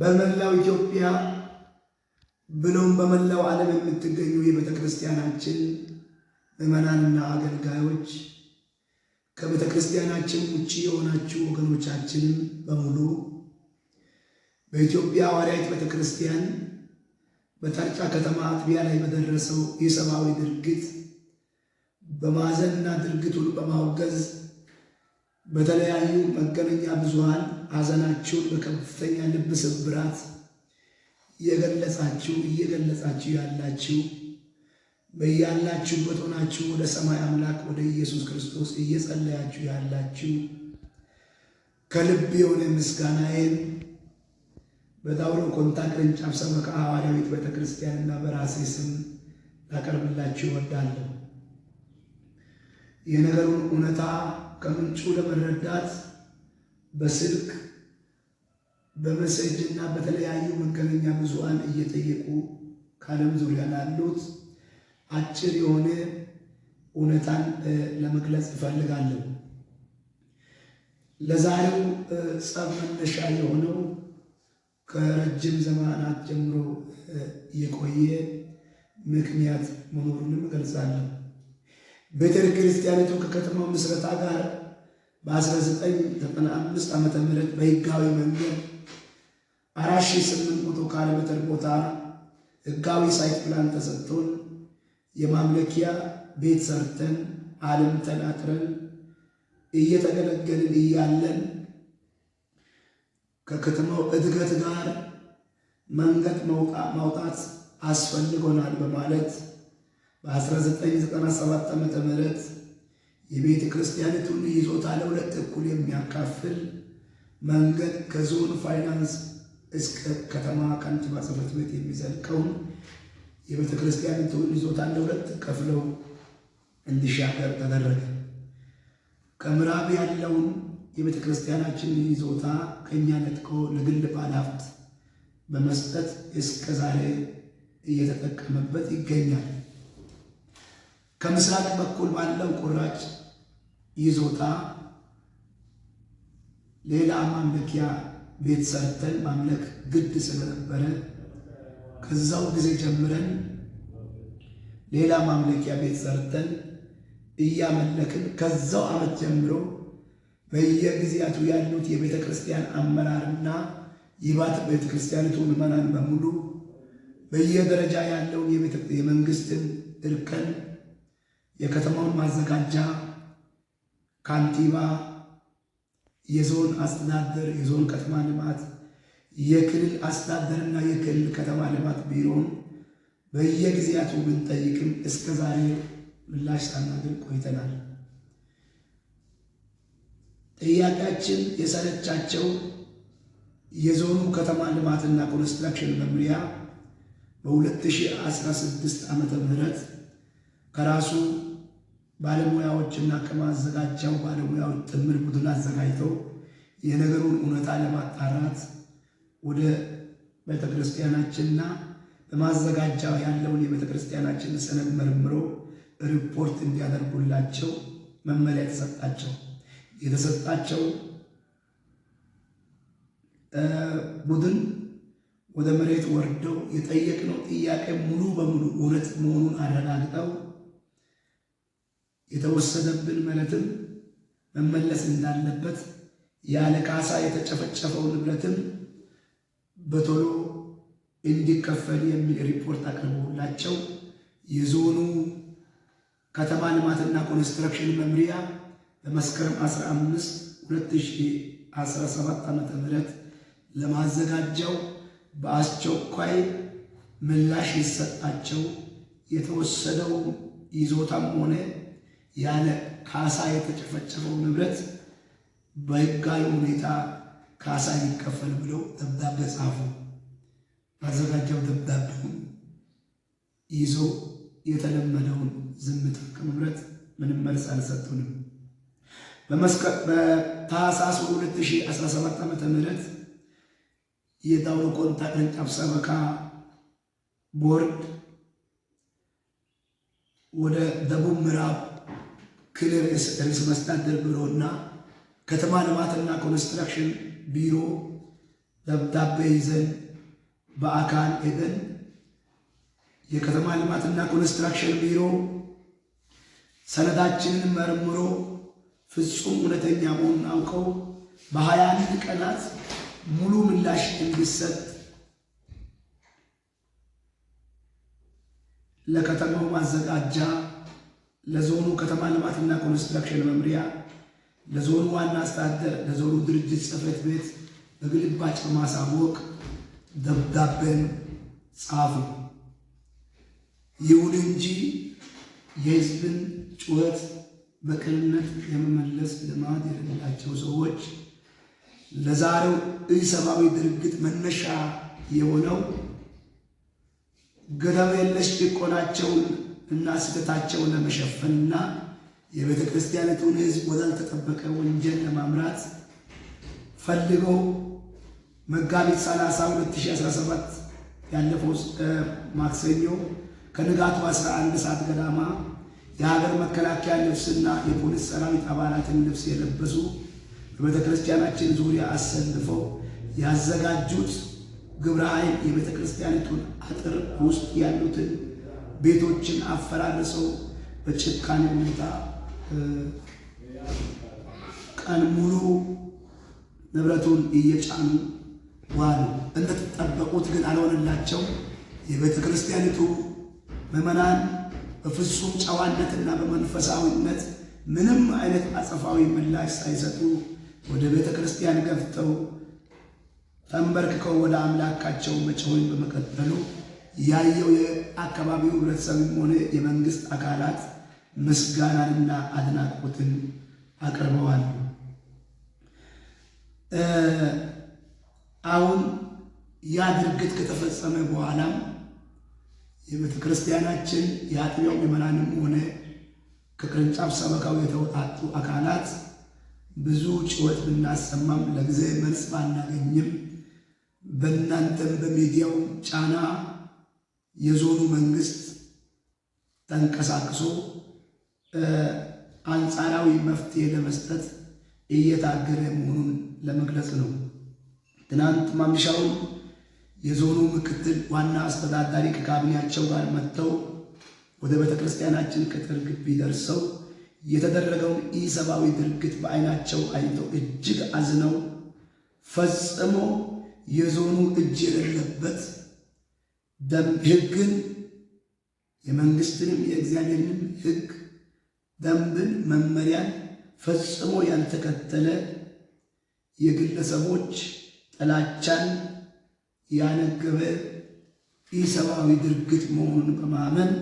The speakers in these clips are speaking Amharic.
በመላው ኢትዮጵያ ብሎም በመላው ዓለም የምትገኙ የቤተ ክርስቲያናችን ምዕመናንና አገልጋዮች ከቤተ ክርስቲያናችን ውጭ የሆናችሁ ወገኖቻችንም በሙሉ በኢትዮጵያ ሐዋርያዊት ቤተ ክርስቲያን በታርጫ ከተማ አጥቢያ ላይ በደረሰው የሰብአዊ ድርጊት በማዘንና ድርጊቱን በማውገዝ በተለያዩ መገናኛ ብዙሃን ሐዘናችሁን በከፍተኛ ልብ ስብራት እየገለጻችሁ እየገለጻችሁ ያላችሁ በያላችሁበት ሆናችሁ ወደ ሰማይ አምላክ ወደ ኢየሱስ ክርስቶስ እየጸለያችሁ ያላችሁ ከልብ የሆነ ምስጋናዬን በዳውሮ ኮንታ ቅርንጫፍ ሰበካ ሐዋርያዊት ቤተ ክርስቲያንና በራሴ ስም ላቀርብላችሁ እወዳለሁ። የነገሩን እውነታ ከምንጩ ለመረዳት በስልክ በመሰጅ እና በተለያዩ መገናኛ ብዙሃን እየጠየቁ ከዓለም ዙሪያ ላሉት አጭር የሆነ እውነታን ለመግለጽ እፈልጋለሁ። ለዛሬው ጸብ መነሻ የሆነው ከረጅም ዘመናት ጀምሮ የቆየ ምክንያት መኖሩንም እገልጻለሁ። ቤተ ክርስቲያኒቱ ከከተማው ምስረታ ጋር በ1995 ዓ ም በህጋዊ መንገድ 4800 ካሬ ሜትር ቦታ ህጋዊ ሳይት ፕላን ተሰጥቶን የማምለኪያ ቤት ሰርተን ዓለም ተናጥረን እየተገለገልን እያለን ከከተማው እድገት ጋር መንገድ ማውጣት አስፈልጎናል በማለት በ1997 ዓ ም የቤተ ክርስቲያኒቱን ይዞታ ለሁለት እኩል የሚያካፍል መንገድ ከዞን ፋይናንስ እስከ ከተማ ከንቲባ ጽሕፈት ቤት የሚዘልቀውን የቤተ ክርስቲያኒቱን ይዞታ ለሁለት ከፍለው እንዲሻገር ተደረገ። ከምዕራብ ያለውን የቤተ ክርስቲያናችን ይዞታ ከእኛ ነጥቆ ለግል ባለሀብት በመስጠት እስከ ዛሬ እየተጠቀመበት ይገኛል። ከምስራቅ በኩል ባለው ቁራጭ ይዞታ ሌላ ማምለኪያ ቤት ሰርተን ማምለክ ግድ ስለነበረ ከዛው ጊዜ ጀምረን ሌላ ማምለኪያ ቤት ሰርተን እያመለክን ከዛው ዓመት ጀምሮ በየጊዜያቱ ያሉት የቤተ ክርስቲያን አመራርና ይባት ቤተ ክርስቲያኒቱ ምዕመናን በሙሉ በየደረጃ ያለውን የመንግስትን እርከን የከተማውን ማዘጋጃ ካንቲባ፣ የዞን አስተዳደር፣ የዞን ከተማ ልማት፣ የክልል አስተዳደርና የክልል ከተማ ልማት ቢሮን በየጊዜያቱ ብንጠይቅም እስከ ዛሬ ምላሽ ሳናገኝ ቆይተናል። ጥያቄያችን የሰለቻቸው የዞኑ ከተማ ልማትና ኮንስትራክሽን መምሪያ በ2016 ዓ ም ከራሱ ባለሙያዎችና ከማዘጋጃው ባለሙያዎች ጥምር ቡድን አዘጋጅተው የነገሩን እውነታ ለማጣራት ወደ ቤተክርስቲያናችንና በማዘጋጃ ያለውን የቤተክርስቲያናችን ሰነድ መርምሮ ሪፖርት እንዲያደርጉላቸው መመሪያ የተሰጣቸው የተሰጣቸው ቡድን ወደ መሬት ወርደው የጠየቅነው ጥያቄ ሙሉ በሙሉ እውነት መሆኑን አረጋግጠው የተወሰደብን መሬትም መመለስ እንዳለበት ያለ ካሳ የተጨፈጨፈው ንብረትም በቶሎ እንዲከፈል የሚል ሪፖርት አቅርበውላቸው የዞኑ ከተማ ልማትና ኮንስትራክሽን መምሪያ በመስከረም 15 2017 ዓ.ም ለማዘጋጀው በአስቸኳይ ምላሽ ይሰጣቸው የተወሰደው ይዞታም ሆነ ያለ ካሳ የተጨፈጨፈው ንብረት በሕጋዊ ሁኔታ ካሳ ይከፈል ብለው ደብዳቤ ጻፉ። ባዘጋጀው ደብዳቤውን ይዞ የተለመደውን ዝምታ ከመምረጥ ምንም መልስ አልሰጡንም። በታህሳስ 2017 ዓ ም የዳውሮ ቆንታ ቅርንጫፍ ሰበካ ቦርድ ወደ ደቡብ ምዕራብ ክልል ርዕሰ መስተዳድር ቢሮ እና ከተማ ልማትና ኮንስትራክሽን ቢሮ ደብዳቤ ይዘን በአካል ሄደን የከተማ ልማትና ኮንስትራክሽን ቢሮ ሰነዳችንን መርምሮ ፍጹም እውነተኛ መሆኑን አውቀው በሀያ አንድ ቀናት ሙሉ ምላሽ እንዲሰጥ ለከተማው ማዘጋጃ ለዞኑ ከተማ ልማትና ኮንስትራክሽን መምሪያ፣ ለዞኑ ዋና አስተዳደር፣ ለዞኑ ድርጅት ጽህፈት ቤት በግልባጭ በማሳወቅ ደብዳቤን ጻፉ። ይሁን እንጂ የሕዝብን ጩኸት በቅንነት የመመለስ ልማት የሌላቸው ሰዎች ለዛሬው ኢሰብአዊ ድርጊት መነሻ የሆነው ገደብ የለሽ ጭቆናቸውን እና ስህተታቸውን ለመሸፈንና የቤተ ክርስቲያኒቱን ሕዝብ ወዳልተጠበቀ ወንጀል ለማምራት ፈልገው መጋቢት 30 2017 ያለፈው ማክሰኞ ከንጋቱ 11 ሰዓት ገዳማ የሀገር መከላከያ ልብስና የፖሊስ ሰራዊት አባላትን ልብስ የለበሱ በቤተ ክርስቲያናችን ዙሪያ አሰልፈው ያዘጋጁት ግብረ ኃይል የቤተ ክርስቲያኒቱን አጥር ውስጥ ያሉትን ቤቶችን አፈራርሰው በጭካኔ ሁኔታ ቀን ሙሉ ንብረቱን እየጫኑ ዋሉ። እንደተጠበቁት ግን አልሆነላቸው። የቤተ ክርስቲያኒቱ ምዕመናን በፍጹም ጨዋነትና በመንፈሳዊነት ምንም አይነት አጸፋዊ ምላሽ ሳይሰጡ ወደ ቤተ ክርስቲያን ገብተው ተንበርክከው ወደ አምላካቸው መጮህን በመቀጠሉ ያየው የአካባቢው ህብረተሰብም ሆነ የመንግስት አካላት ምስጋናንና አድናቆትን አቅርበዋል። አሁን ያ ድርጊት ከተፈጸመ በኋላም የቤተ ክርስቲያናችን የአጥቢያው ምዕመናንም ሆነ ከቅርንጫፍ ሰበካው የተውጣጡ አካላት ብዙ ጭወት ብናሰማም ለጊዜ መልስ ባናገኝም በእናንተም በሚዲያው ጫና የዞኑ መንግስት ተንቀሳቅሶ አንጻራዊ መፍትሄ ለመስጠት እየታገለ መሆኑን ለመግለጽ ነው። ትናንት ማምሻውን የዞኑ ምክትል ዋና አስተዳዳሪ ከካቢኔያቸው ጋር መጥተው ወደ ቤተ ክርስቲያናችን ቅጥር ግቢ ደርሰው የተደረገውን ኢሰብአዊ ድርጊት በአይናቸው አይተው እጅግ አዝነው ፈጽሞ የዞኑ እጅ የሌለበት ህግን የመንግስትንም የእግዚአብሔርንም ህግ ደንብን፣ መመሪያን ፈጽሞ ያልተከተለ የግለሰቦች ጥላቻን ያነገበ ኢሰብአዊ ድርጊት መሆኑን በማመን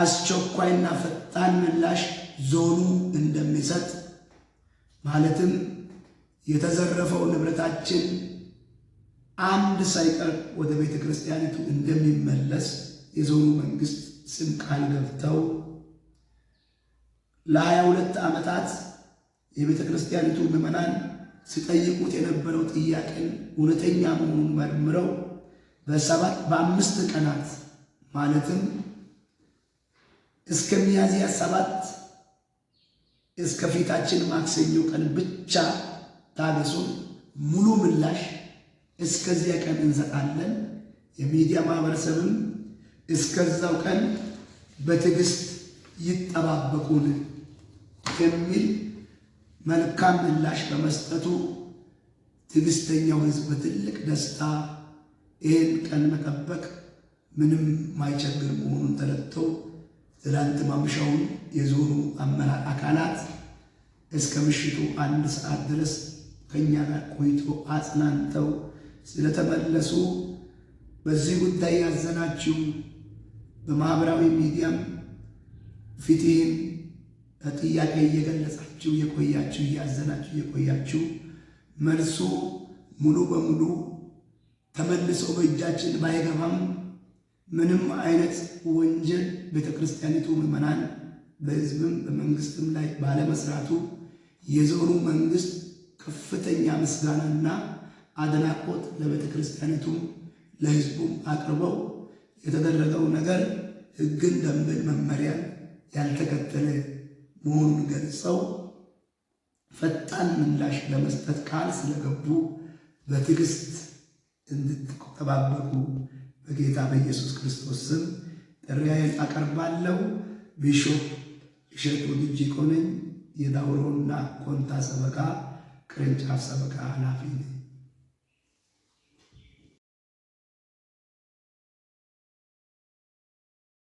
አስቸኳይና ፈጣን ምላሽ ዞኑ እንደሚሰጥ ማለትም የተዘረፈው ንብረታችን አንድ ሳይቀር ወደ ቤተ ክርስቲያኒቱ እንደሚመለስ የዞኑ መንግስት ስም ቃል ገብተው ለሀያ ሁለት ዓመታት የቤተ ክርስቲያኒቱ ምዕመናን ሲጠይቁት የነበረው ጥያቄን እውነተኛ መሆኑን መርምረው በሰባት በአምስት ቀናት ማለትም እስከ ሚያዝያ ሰባት እስከ ፊታችን ማክሰኞ ቀን ብቻ ታገሱን ሙሉ ምላሽ እስከዚያ ቀን እንሰጣለን። የሚዲያ ማህበረሰብም እስከዛው ቀን በትዕግስት ይጠባበቁን የሚል መልካም ምላሽ በመስጠቱ ትዕግስተኛው ህዝብ በትልቅ ደስታ ይህን ቀን መጠበቅ ምንም ማይቸግር መሆኑን ተረድተው ትላንት ማምሻውን የዞኑ አመራር አካላት እስከ ምሽቱ አንድ ሰዓት ድረስ ከእኛ ጋር ቆይቶ አጽናንተው ስለተመለሱ በዚህ ጉዳይ ያዘናችሁ በማህበራዊ ሚዲያም ፊትህን ጥያቄ እየገለጻችሁ የቆያችሁ እያዘናችሁ የቆያችሁ መልሱ ሙሉ በሙሉ ተመልሶ በእጃችን ባይገባም ምንም አይነት ወንጀል ቤተ ክርስቲያኒቱ ምዕመናን በሕዝብም በመንግስትም ላይ ባለመስራቱ የዞኑ መንግስት ከፍተኛ ምስጋናና አድናቆት ለቤተ ክርስቲያኒቱም ለሕዝቡም አቅርበው የተደረገው ነገር ሕግን፣ ደንብን፣ መመሪያን ያልተከተለ መሆኑን ገልጸው ፈጣን ምላሽ ለመስጠት ቃል ስለገቡ በትዕግስት እንድትጠባበቁ በጌታ በኢየሱስ ክርስቶስ ስም ጥሪያዬን አቀርባለሁ። ቢሾፕ እሸቱ ድጅቆ ነኝ። የዳውሮና ኮንታ ሰበካ ቅርንጫፍ ሰበካ ኃላፊ ነኝ።